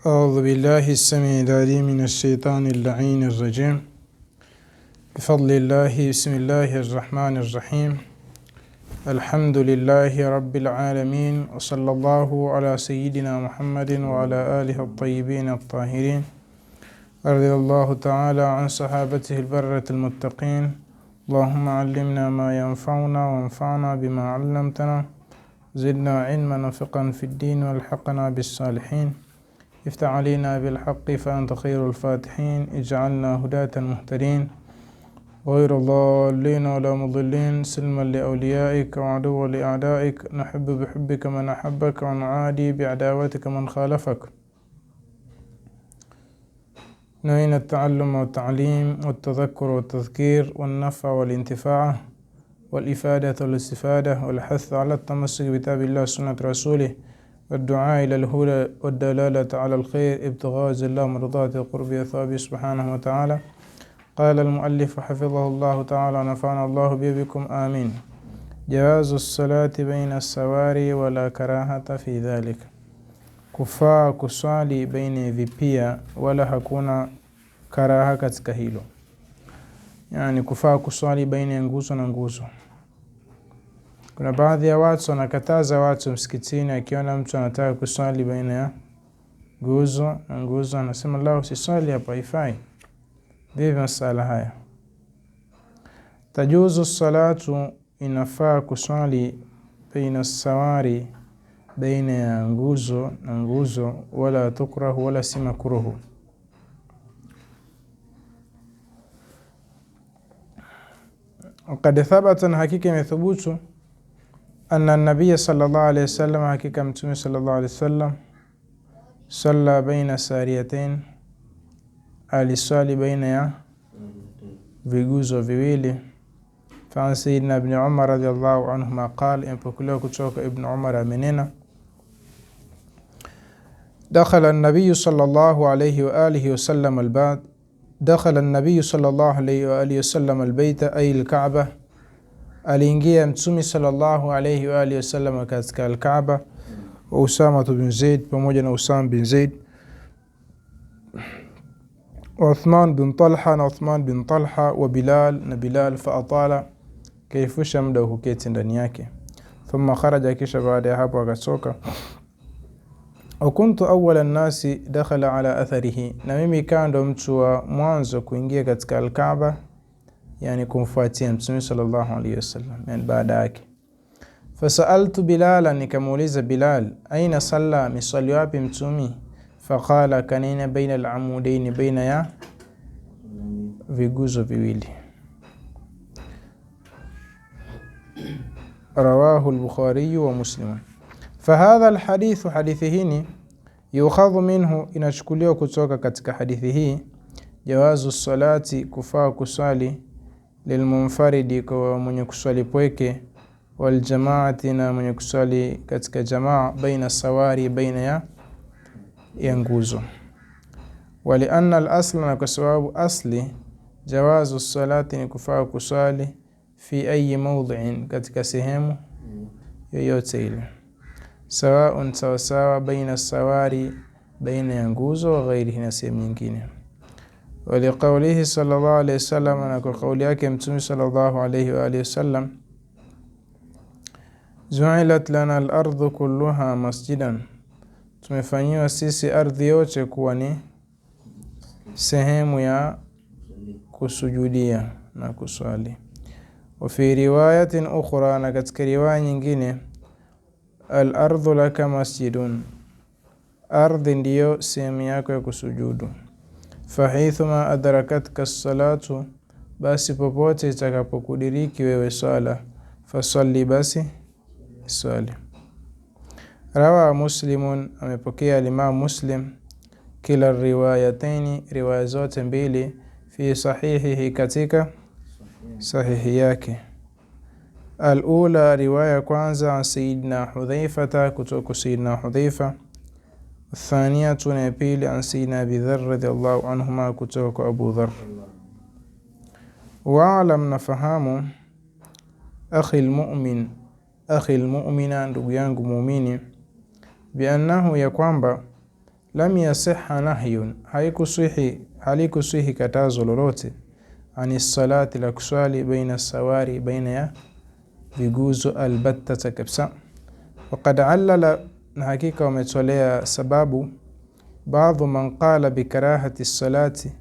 أعوذ بالله السميع العليم من الشيطان اللعين الرجيم بفضل الله بسم الله الرحمن الرحيم الحمد لله رب العالمين وصلى الله على سيدنا محمد وعلى آله الطيبين الطاهرين رضي الله تعالى عن صحابته البرة المتقين اللهم علمنا ما ينفعنا وانفعنا بما علمتنا زدنا علما وفقا في الدين والحقنا بالصالحين افتح علينا بالحق فأنت خير الفاتحين اجعلنا هداة مهتدين غير ضالين ولا مضلين سلما لأوليائك وعدوا لأعدائك نحب بحبك من أحبك ونعادي بعداوتك من خالفك نوين التعلم والتعليم والتذكر والتذكير والنفع والانتفاع والإفادة والاستفادة والحث على التمسك بكتاب الله وسنة رسوله والدعاء إلى الهدى والدلالة على الخير ابتغاء الله مرضات القرب ثوابه سبحانه وتعالى قال المؤلف حفظه الله تعالى نفعنا الله به بكم آمين جواز الصلاة بين السواري ولا كراهة في ذلك كفاء كسالي بين vipia wala ولا karaha كراهة كتكهيلو يعني kufaa kuswali baina انغوسو nguzo Kuna baadhi ya watu wanakataza watu msikitini, akiona mtu anataka kuswali baina ya nguzo na nguzo, anasema la, usiswali hapa, haifai. Ndivyo masala haya. Tajuzu salatu, inafaa kuswali baina sawari, baina ya nguzo na nguzo, wala tukrahu, wala si makruhu. Wakad thabata, na hakika imethubutu أن النبي صلى الله عليه وسلم حقيقة متومي صلى الله عليه وسلم صلى بين ساريتين aliswali baina ya viguzo viwili fan sayidina ibni umar radiallahu anhuma qal impokelewa kutoka ابن عمر amenena دخل النبي صلى الله عليه وآله وسلم البيت دخل النبي صلى الله عليه وآله وسلم البيت أي الكعبة aliingia Mtume sallallahu alayhi wa alihi wasallam katika Alkaaba, Usama bin Zaid pamoja na Usama bin Zaid, Uthman bin Talha na Uthman bin Talha, wa Bilal na Bilal, fa atala kaifusha muda huketi ndani yake, thumma kharaja, kisha baada ya hapo akatoka awwala an nnasi dakhala ala atharihi, na mimi kando mtu wa mwanzo kuingia katika Alkaaba yani kumfuatia Mtume sallallahu alaihi wasallam, yani baada yake. Fasaltu Bilala, nikamuuliza Bilal, aina salla, misali wapi Mtume? Faqala, kanina baina alamudaini, baina ya viguzo viwili. Rawahu lbukhariyu wa Muslimu. Fahadha alhadithu, hadithi hini yukhadhu minhu, inachukuliwa kutoka katika hadithi hii, jawazu salati, kufaa kuswali lilmunfaridi, kwa mwenye kuswali pweke, waljamaati, na mwenye kuswali katika jamaa, baina sawari, baina ya ya nguzo. Walianna alasla, na kwa sababu asli, jawazu salati, ni kufaa kuswali fi ayi maudhiin, katika sehemu yoyote ile, sawaun, sawasawa, baina sawari, baina ya nguzo, wa ghairihi, na sehemu nyingine waliqaulihi sallallahu alaihi wasallam, na kwa kauli yake Mtume sallallahu alaihi wa alihi wasallam, juilat lana al kuluha kulluha masjidan, tumefanyiwa sisi ardhi yote kuwa ni sehemu ya kusujudia na kuswali. Wa fi riwayatin ukhra, na katika riwaya nyingine, al laka masjidun, ardhi ndiyo sehemu yako ya kusujudu fahaithuma adrakatka salatu, basi popote itakapokudiriki wewe swala, fasalli, basi swali. Rawa Muslimun, amepokea Alimamu Muslim kila riwayataini, riwaya zote mbili, fi sahihihi, katika sahihi yake. Alula, riwaya kwanza, an sayidina Hudhaifata, kutoka sayidina Hudhaifa الثانية نبيل عن سينا بذر رضي الله عنهما كتوك أبو ذر وعلم نفهم أخي المؤمن أخي المؤمن رويان مؤمن بأنه يقوم لم يصح نهي هيك صحي هيك صحي عن الصلاة الأكسوال بين السواري بين يا بجوز البتة كبسا وقد علل na hakika wametolea sababu baadhu man qala bikarahati salati,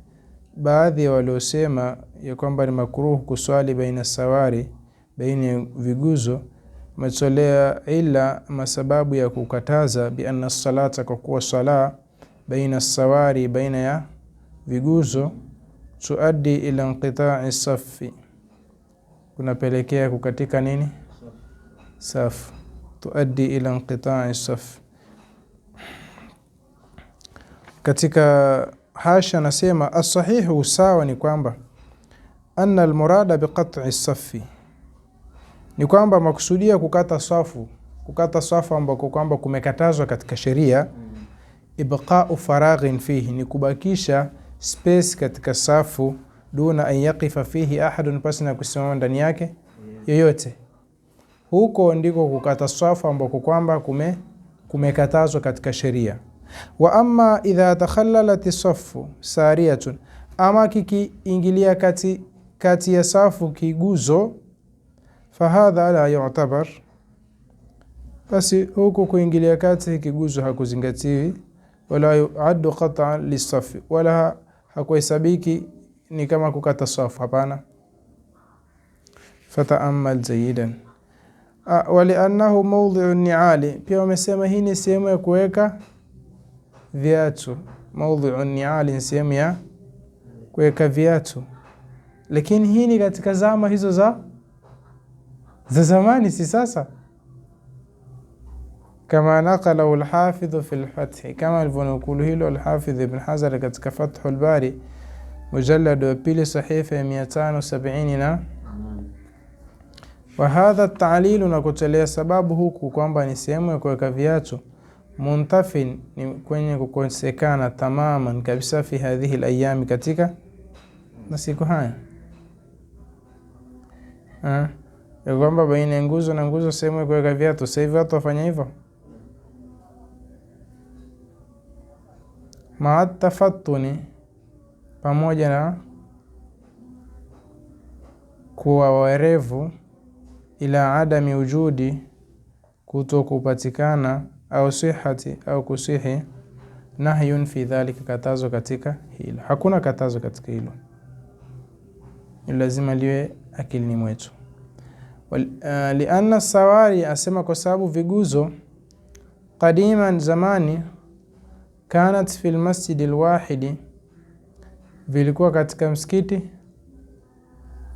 baadhi ya waliosema ya kwamba ni makruhu kuswali baina sawari, baina ya viguzo, wametolea ila masababu ya kukataza bianna salata, kwa kuwa sala baina sawari, baina ya viguzo tuaddi ila inqita'i safi, kunapelekea kukatika nini safu tuaddi ila inqitai saf. Katika hasha anasema asahihu, usawa ni kwamba anna almurada biqat'i safi, ni kwamba makusudia kukata safu, kukata safu ambako kwamba kumekatazwa katika sheria ibqa'u faraghin fihi, ni kubakisha space katika safu, duna an yaqifa fihi ahadun, pasi na kusimama ndani yake yoyote huko ndiko kukata safu ambako kwamba kume kumekatazwa katika sheria. Wa amma idha takhallalat safu sariyatun, ama kikiingilia kati kati ya safu kiguzo, fahadha la yu'tabar, basi huko kuingilia kati kiguzo hakuzingatiwi, wala yu'addu qat'an lisafi, wala hakuhesabiki ni kama kukata safu. Hapana. Fata'ammal jayidan Ah, waliannahu maudhiu niali, pia wamesema hii ni sehemu ya kuweka viatu. Maudhiu niali ni sehemu ya kuweka viatu, lakini hii ni katika zama hizo za za zamani, si sasa, kama naqalahu lhafidhu fi lfathi, kama alivyonukulu hilo Alhafidh Ibn Hazar katika Fathul Bari mujallad wa pili sahifa ya 570 na wa hadha taalilu, na kutolea sababu huku kwamba ni sehemu ya kuweka viatu muntafin, ni kwenye kukosekana tamaman kabisa, fi hadhihi layami, katika masiku haya ya kwamba baina ya nguzo na nguzo sehemu ya kuweka viatu. Sasa hivi watu wafanya hivyo maatafatuni pamoja na kuwa waerevu ila adami wujudi, kuto kupatikana, au sihati au kusihi, nahyun fi dhalika, katazo katika hilo. Hakuna katazo katika hilo, lazima liwe akilini mwetu. Uh, lianna sawari asema kwa sababu viguzo qadiman zamani kanat fi lmasjidi lwahidi, vilikuwa katika msikiti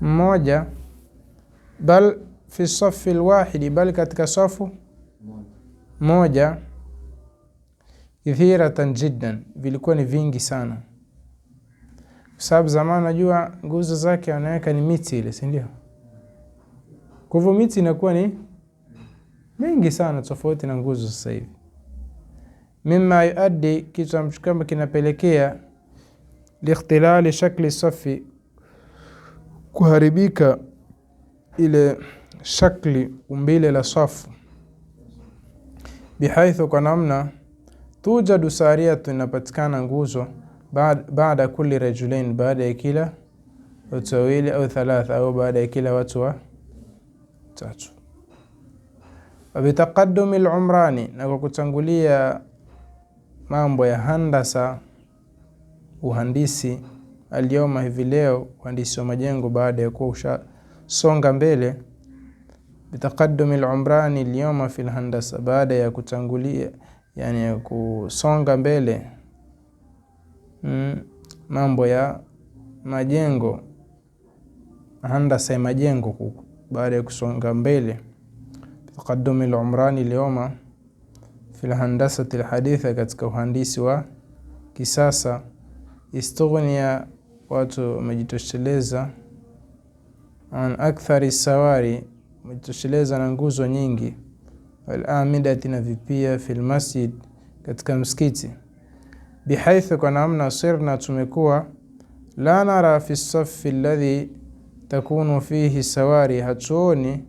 mmoja bal fi safi lwahidi, bali katika safu moja. Kithiratan jiddan, vilikuwa ni vingi sana, kwa sababu zamani najua nguzo zake anaweka ni miti ile, si ndio? Kwa hivyo miti inakuwa ni mingi sana, tofauti na nguzo sasa hivi. Mima yuaddi, kitu amchukama kinapelekea liikhtilali shakli safi, kuharibika ile shakli umbile la safu bihaithu, kwa namna tujadu sariyatu, inapatikana nguzo baada kulli rajulain, baada ya kila watu wawili au thalatha, au baada ya kila watu watatu. Wabitaqadumi lumrani, na kwa kutangulia mambo ya handasa, uhandisi. Alyoma, hivi leo, uhandisi wa majengo, baada ya kuwa ushasonga mbele bitaqadumi lumrani lyoma fi lhandasa, baada ya kutangulia yani ya kusonga mbele mm, mambo ya majengo handasa ya majengo baada ya kusonga mbele bitaqadumi lumrani lyoma fi lhandasati lhaditha, katika uhandisi wa kisasa istughnia, watu wamejitosheleza an akthari sawari umetosheleza na nguzo nyingi, walamidati na vipia, fil masjid, katika msikiti, bihaithu, kwa namna sirna tumekuwa, la nara fi safi alladhi takunu fihi sawari, hatuoni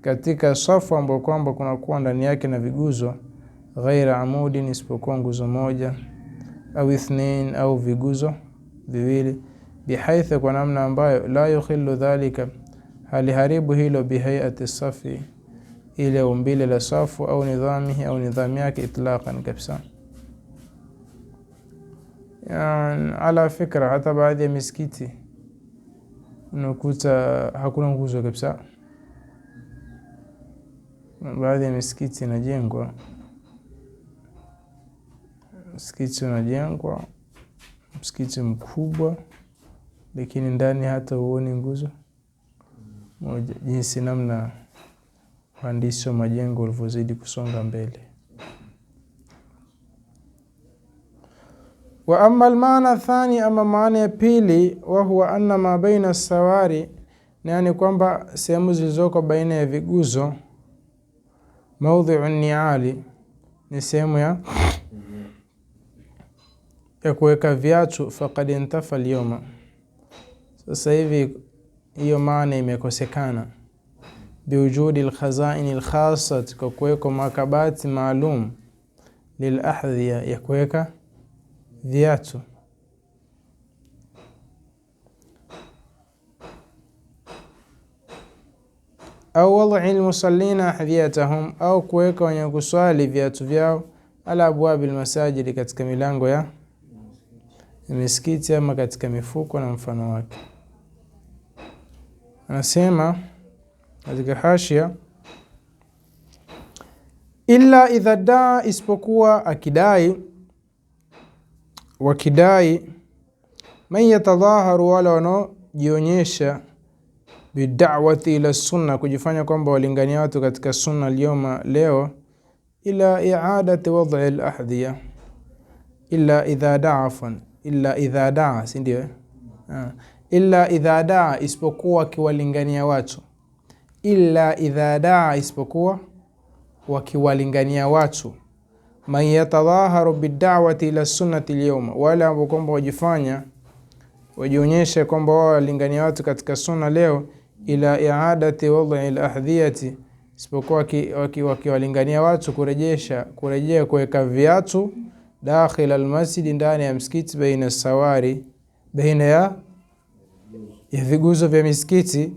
katika safu ambayo kwamba kunakuwa ndani yake na viguzo, ghaira amudin, isipokuwa nguzo moja au ithnain, au viguzo viwili, bihaithu, kwa namna ambayo la yukhillu dhalika haliharibu hilo bihaiati safi, ile umbile la safu au nidhamihi au nidhamu yake itlaqan kabisa. Yani, ala fikra, hata baadhi ya misikiti unakuta hakuna nguzo kabisa. Baadhi ya misikiti inajengwa, msikiti unajengwa, msikiti mkubwa, lakini ndani hata huoni nguzo moja, jinsi namna uhandisi wa majengo ulivyozidi kusonga mbele. Wa amma almaana thani, ama maana ya pili, wahuwa anna ma baina sawari, yani kwamba sehemu zilizoko baina ya viguzo, maudhiu niali, ni sehemu ya ya kuweka viatu. Faqad intafa lyoma, sasa hivi hiyo maana imekosekana. Biwujudi lkhazaini lkhasat, kwa kuweko makabati maalum. Lilahdhiya, ya kuweka viatu. Au wadhi lmusallina ahdhiyatahum, au kuweka wenye kuswali viatu vyao. Ala abwabi lmasajidi, katika milango ya misikiti ama katika mifuko na mfano wake. Anasema katika hashia, illa idha daa, isipokuwa akidai, wakidai man yatadhaharu, wala wanaojionyesha bidawati ila sunna, kujifanya kwamba walingania watu katika sunna lyoma leo ila iadati wad'i alahdhiya, illa idha daa, afwan, illa idha daa, si ndio? Ah illa idha daa, isipokuwa wakiwalingania watu. Illa idha daa, isipokuwa wakiwalingania watu. Man yatadhaharu bidawati ila sunnati lyauma, wale ambao kwamba wajifanya wajionyeshe kwamba wao walingania watu katika sunna leo. Ila iadati wad'i lahdhiyati, isipokuwa wakiwalingania watu kurejesha kurejea kuweka viatu dakhila almasjidi, ndani ya msikiti, baina sawari baina ya ya viguzo vya misikiti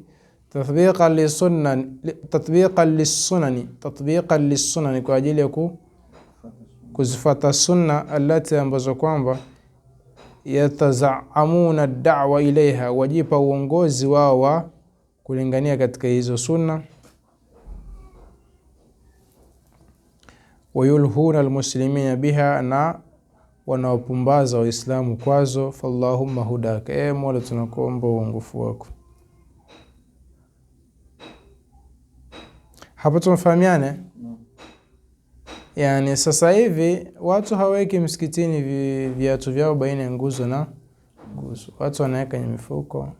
tatbiqan lisunani, tatbiqan lisunani, tatbiqan lisunani, kwa ajili ya ku kuzifata sunna alati ambazo kwamba yatazaamuna da'wa ilaiha, wajipa uongozi wao wa kulingania katika hizo sunna. Wayulhuna almuslimina biha, na wanaopumbaza Waislamu kwazo. Fallahumma hudaka, e Mola, tunakuomba uongofu wako. Hapo tumefahamiane Yani sasa hivi watu hawaweki msikitini viatu vyao baina ya nguzo na nguzo, watu wanaweka kwenye mifuko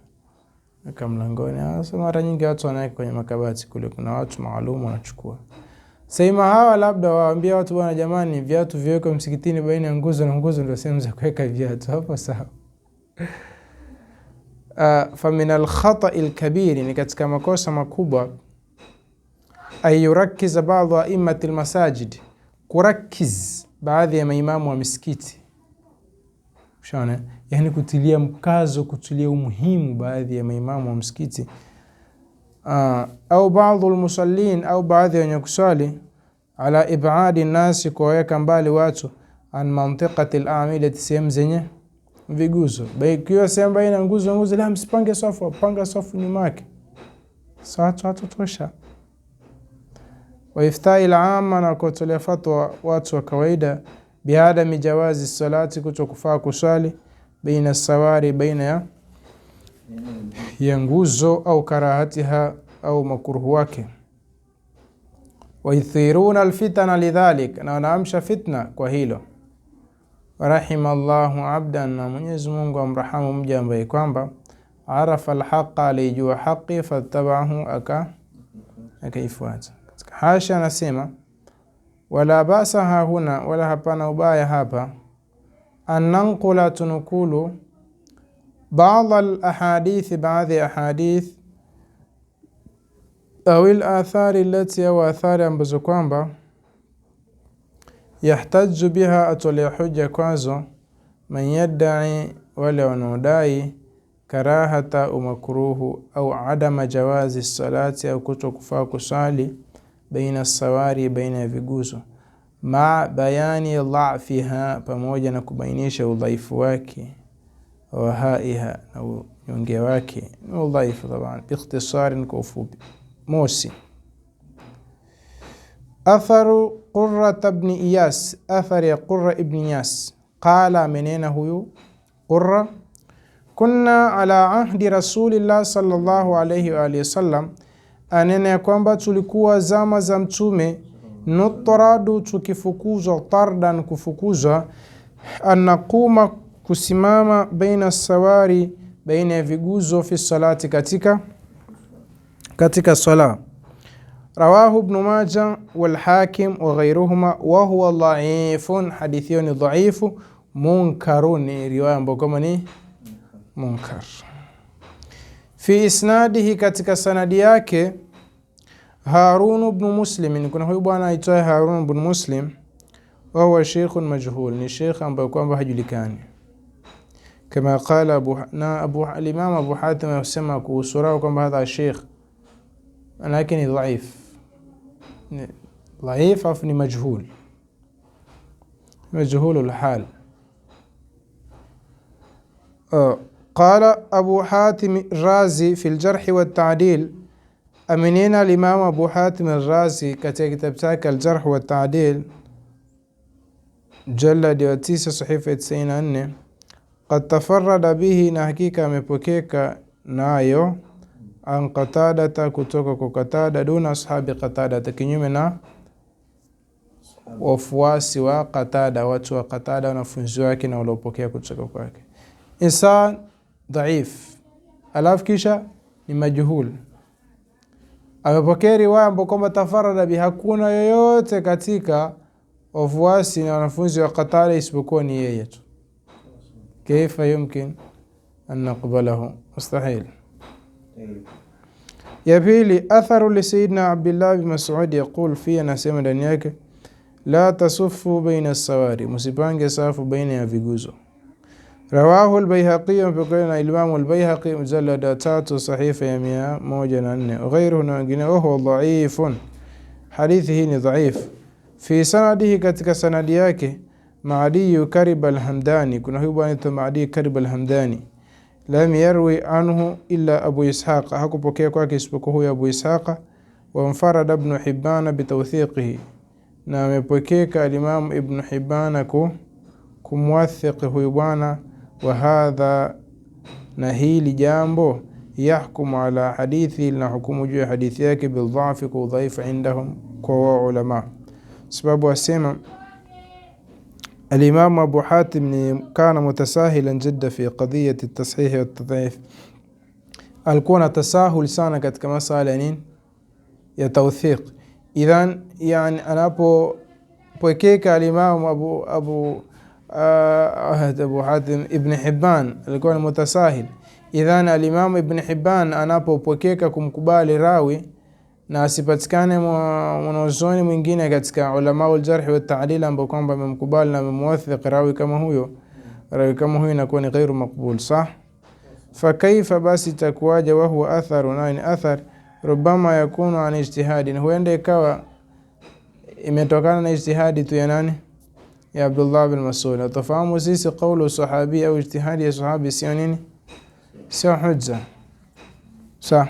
kama mlangoni. Ah, sasa mara nyingi watu wanaweka kwenye makabati kule, kuna watu maalum wanachukua Saima hawa labda waambia watu bwana, jamani, viatu viwekwe msikitini baina ya nguzo na nguzo, ndio sehemu za kuweka viatu. Hapo sawa. Uh, ah, famin alkhatai lkabiri, ni katika makosa makubwa. Ayurakiza baadhu aimati lmasajid, kurakiz baadhi ya maimamu wa misikiti. Ushaona, yani kutilia mkazo, kutilia umuhimu baadhi ya maimamu wa msikiti Uh, au baadhu lmusallin au baadhi ya wenye kuswali ala ibadi nasi, kuwaweka mbali watu an mantiqati lamilati, sehemu zenye viguzo. Ikiwa sehemu ambayo ina nguzo nguzo, la msipange safu, panga safu nyuma yake, watu hatotosha. Waiftai lama, na kuwatolea fatwa watu wa kawaida biadami jawazi salati, kuto kufaa kuswali baina sawari baina ya ya nguzo au karahatiha au makuruhu wake. wayuthiruna alfitana lidhalik, na wanaamsha fitna kwa hilo. Rahima llahu abdan, na Mwenyezi Mungu amrahamu mja ambaye kwamba arafa alhaqa, alijua haqi, fatabahu, akaifuata. Katika hasha anasema wala basa hahuna, wala hapana ubaya hapa, an nanqula tunukulu baadha lahadithi, baadhi ya ahadith au alathari lati, au athari ambazo kwamba yahtaju biha, atolea hoja kwazo man yaddai, wale wanaodai karahata umakruhu au adama jawazi salati, au kuto kufaa kusali baina sawari, baina ya viguzo maa bayani dhafiha, pamoja na kubainisha udhaifu wake wahaiha na unyonge wake udhaifu taban, biikhtisarin, kwa ufupi. Mosi, atharu Qurra ibn Iyas, athar ya qura ibn Iyas. Qala, amenena huyu qura kunna ala ahdi rasulillah sallallahu alayhi wa alihi wasallam, anena ya kwamba tulikuwa zama za Mtume, nutradu, tukifukuzwa, tardan, kufukuzwa, anakuma kusimama baina sawari, baina ya viguzo fi salati, katika katika sala. Rawahu Ibn Majah wal Hakim wa ghairuhuma wa huwa dhaifun, hadithi ni dhaifu. Munkarun ni riwaya ambayo kama ni munkar. Fi isnadihi, katika sanadi yake Harun bnu Muslim, kuna huyu bwana aitwaye Harun bnu Muslim, wa huwa sheikhun majhul, ni sheikh ambaye kwamba hajulikani. كما قال أبو ح... نا أبو ح... الإمام أبو حاتم يسمى وسراه كما هذا الشيخ لكن ضعيف ضعيف أفني مجهول مجهول الحال آه، قال أبو حاتم الرازي في الجرح والتعديل أمنين الإمام أبو حاتم الرازي كتكتبتاك الجرح والتعديل جلد وتيس صحيفة أنه Qad tafarada bihi, na hakika amepokeka nayo. An Qatadata, kutoka kwa Qatada. Duna ashabi Qatadata, kinyume na wafuasi wa Qatada, watu wa Qatada, wanafunzi wake na waliopokea kutoka kwake. Insan dhaif, alafu kisha ni majhul. Amepokea riwaya ambapo kwamba tafarada bi, hakuna yoyote katika wafuasi na wanafunzi wa Qatada isipokuwa ni yeye tu. كيف يمكن أن نقبله مستحيل يا طيب. بيلي أثر لسيدنا عبد الله بن مسعود يقول في أنا سيما دنياك لا تصف بين السواري مسيبان صاف بين يفيقوزو رواه البيهقي في وقالنا الإمام البيهقي مجلد تاتو صحيفة يميا موجنا أنه وغيره نوانقنا وهو ضعيف حديثه ضعيف في سنده كتك سنديك Maadiyu Karib Alhamdani, kuna huyu bwana anaitwa Maadiyu Karib Alhamdani. Lam yarwi anhu illa Abu Ishaq, hakupokea kwake isipokuwa huyu Abu Ishaq. Wamfarada Ibnu Hibana bitawthiqihi, na amepokeka alimamu Ibnu Hibana ku kumwathiqi huyu bwana. Wa hadha, na hili jambo yahkumu ala hadithi, lina hukumu juu ya hadithi yake bildhaafi, kwa udhaifu indahum, kwa wao ulama, sababu asema الإمام أبو حاتم كان متساهلا جدا في قضية التصحيح والتضعيف الكون تساهل سانا كما مسألة نين يا توثيق إذا يعني أنا بو بوكيك الإمام أبو أبو آه أبو حاتم ابن حبان الكون متساهل إذا الإمام ابن حبان أنا بو بوكيك كم كبالي راوي na asipatikane mwanazoni mwingine katika ulamaul jarhi wa ta'dil ambao kwamba amemkubali na amemwathiq rawi kama huyo, rawi kama huyo inakuwa ni ghairu maqbul sah. Fa kaifa, basi itakuwaje? Wa huwa atharu, nayo ni athar. Rubama yakunu an ijtihadin, huenda ikawa imetokana na ijtihadi tu ya nani? Ya Abdullah bin Mas'ud. Utafahamu sisi kaulu sahabi au ijtihadi ya sahabi sio nini? Sio hujja sah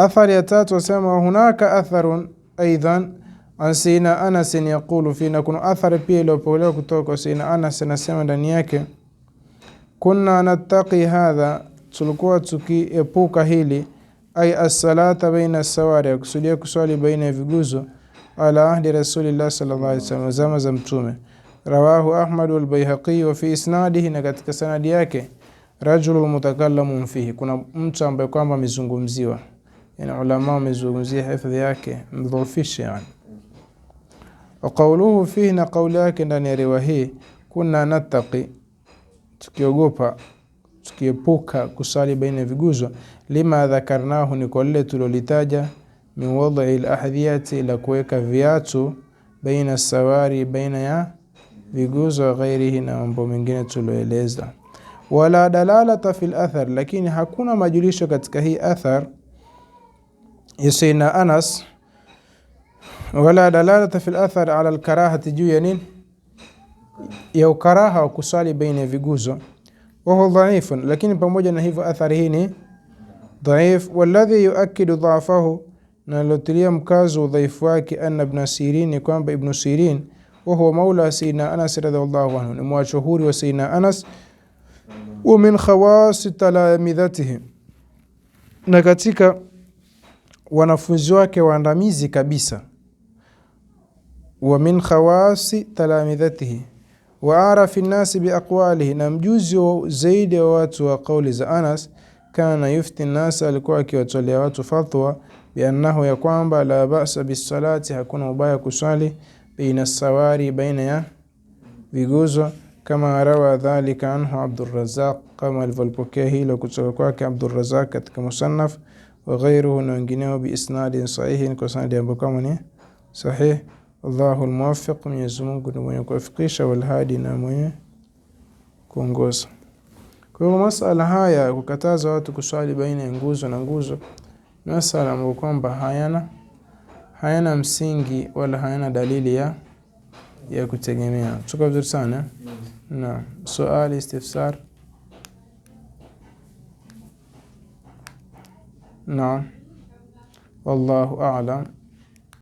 Athari ya tatu wasema hunaka atharun aidan an sina Anas yaqulu fina, kuna athari pia iliyopokelewa kutoka sina Anas anasema ndani yake, kunna nattaqi hadha, tulikuwa tukiepuka hili, ay as-salata baina sawari, kusudia kuswali baina ya viguzo, ala ahdi rasulillah sallallahu alaihi wasallam, zama za Mtume. Rawahu Ahmad wal Baihaqi wa fi isnadihi, na katika sanadi yake rajulun mutakallamun fihi, kuna mtu ambaye kwamba amezungumziwa yani ulama wamezungumzia hifadhi yake mdhoofishi yani. Wa fihi, na kauli yake ndani ya riwaya hii, kuna nataqi, tukiogopa tukiepuka kusali baina ya viguzo, lima dhakarnahu, ni kwa lile tulolitaja, min wad'i lahadhiyati, la kuweka viatu, baina sawari, baina ya viguzo, wa ghairihi, na mambo mengine tulioeleza. Wala dalalata fil athar, lakini hakuna majulisho katika hii athar yusina Anas wala dalalata fi lathar ala alkarahati, juu ya nini ya ukaraha wa kuswali baina ya viguzo. Wahuwa dhaifun, lakini pamoja na hivyo athari hii ni dhaif. Walladhi yuakidu dhaafahu, na lilotilia mkazo udhaifu wake, anna ibn Sirin, ni kwamba ibn Sirin wahuwa maula Sayyidina Anas radhiallahu anhu, ni mwashuhuri wa Sayyidina Anas wa min khawasi talamidhatihi, na katika wanafunzi wake waandamizi kabisa. Wa min khawasi talamidhatihi wa arafi nnasi biaqwalihi, na mjuzi zaidi wa watu wa kauli za Anas. Kana yufti nnasi, alikuwa akiwatolea watu fatwa biannahu, ya kwamba la basa bisalati, hakuna ubaya kuswali baina sawari, baina ya viguzo kama rawa dhalika anhu Abdurrazaq, kama alivyolipokea hilo kutoka kwake Abdurrazaq katika musannaf wa ghairuhu na wengineo biisnadin sahihin kwa sanadi ambayo kama ni sahih. Allahu almuwaffiq, Mwenyezi Mungu ndiye mwenye kuwafikisha, walhadi na mwenye kuongoza. Kwa hiyo masala haya kukataza watu kuswali baina ya nguzo na nguzo ni masala ambayo kwamba hayana hayana msingi wala hayana dalili ya ya kutegemea. Tuko vizuri sana. Naam, swali istifsar نعم والله أعلم